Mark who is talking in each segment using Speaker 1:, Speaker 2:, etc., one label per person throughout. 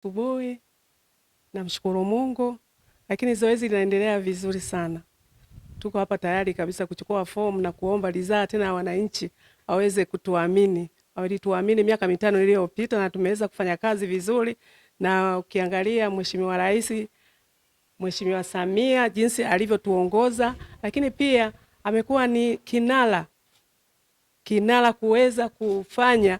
Speaker 1: Asubuhi namshukuru Mungu, lakini zoezi linaendelea vizuri sana. Tuko hapa tayari kabisa kuchukua fomu na kuomba ridhaa tena wananchi aweze kutuamini. Walituamini miaka mitano iliyopita na tumeweza kufanya kazi vizuri, na ukiangalia Mheshimiwa Rais Mheshimiwa Samia jinsi alivyotuongoza, lakini pia amekuwa ni kinara kinara kuweza kufanya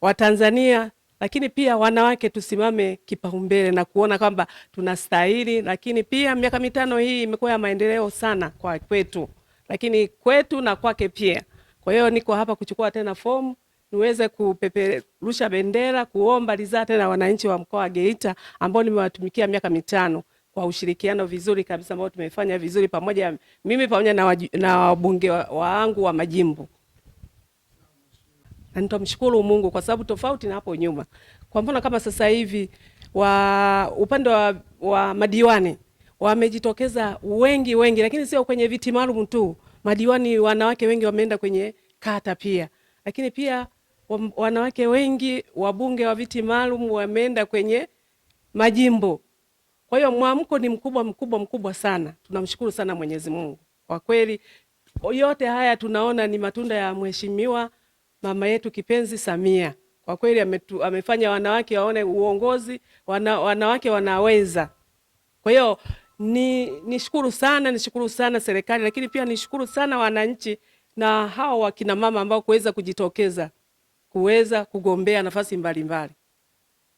Speaker 1: Watanzania lakini pia wanawake tusimame kipaumbele na kuona kwamba tunastahili. Lakini pia miaka mitano hii imekuwa ya maendeleo sana kwa kwetu, lakini kwetu na kwake pia. Kwa hiyo niko hapa kuchukua tena fomu niweze kupeperusha bendera, kuomba ridhaa tena wananchi wa mkoa wa Geita ambao nimewatumikia miaka mitano kwa ushirikiano vizuri kabisa ambao tumefanya vizuri pamoja, mimi pamoja na wabunge wangu wa majimbo na nitamshukuru Mungu kwa sababu tofauti na hapo nyuma, kwa mfano kama sasa hivi wa upande wa, wa madiwani wamejitokeza wengi wengi, lakini sio kwenye viti maalum tu. Madiwani wanawake wengi wameenda kwenye kata pia, lakini pia wanawake wengi wabunge wa viti maalum wameenda kwenye majimbo. Kwa hiyo mwamko ni mkubwa mkubwa mkubwa sana. Tunamshukuru sana Mwenyezi Mungu kwa kweli, yote haya tunaona ni matunda ya mheshimiwa mama yetu kipenzi Samia kwa kweli ametu, amefanya wanawake waone uongozi wana, wanawake wanaweza. Kwa hiyo ni nishukuru sana nishukuru sana serikali, lakini pia nishukuru sana wananchi na hawa wakina mama ambao kuweza kujitokeza kuweza kugombea nafasi mbalimbali mbali.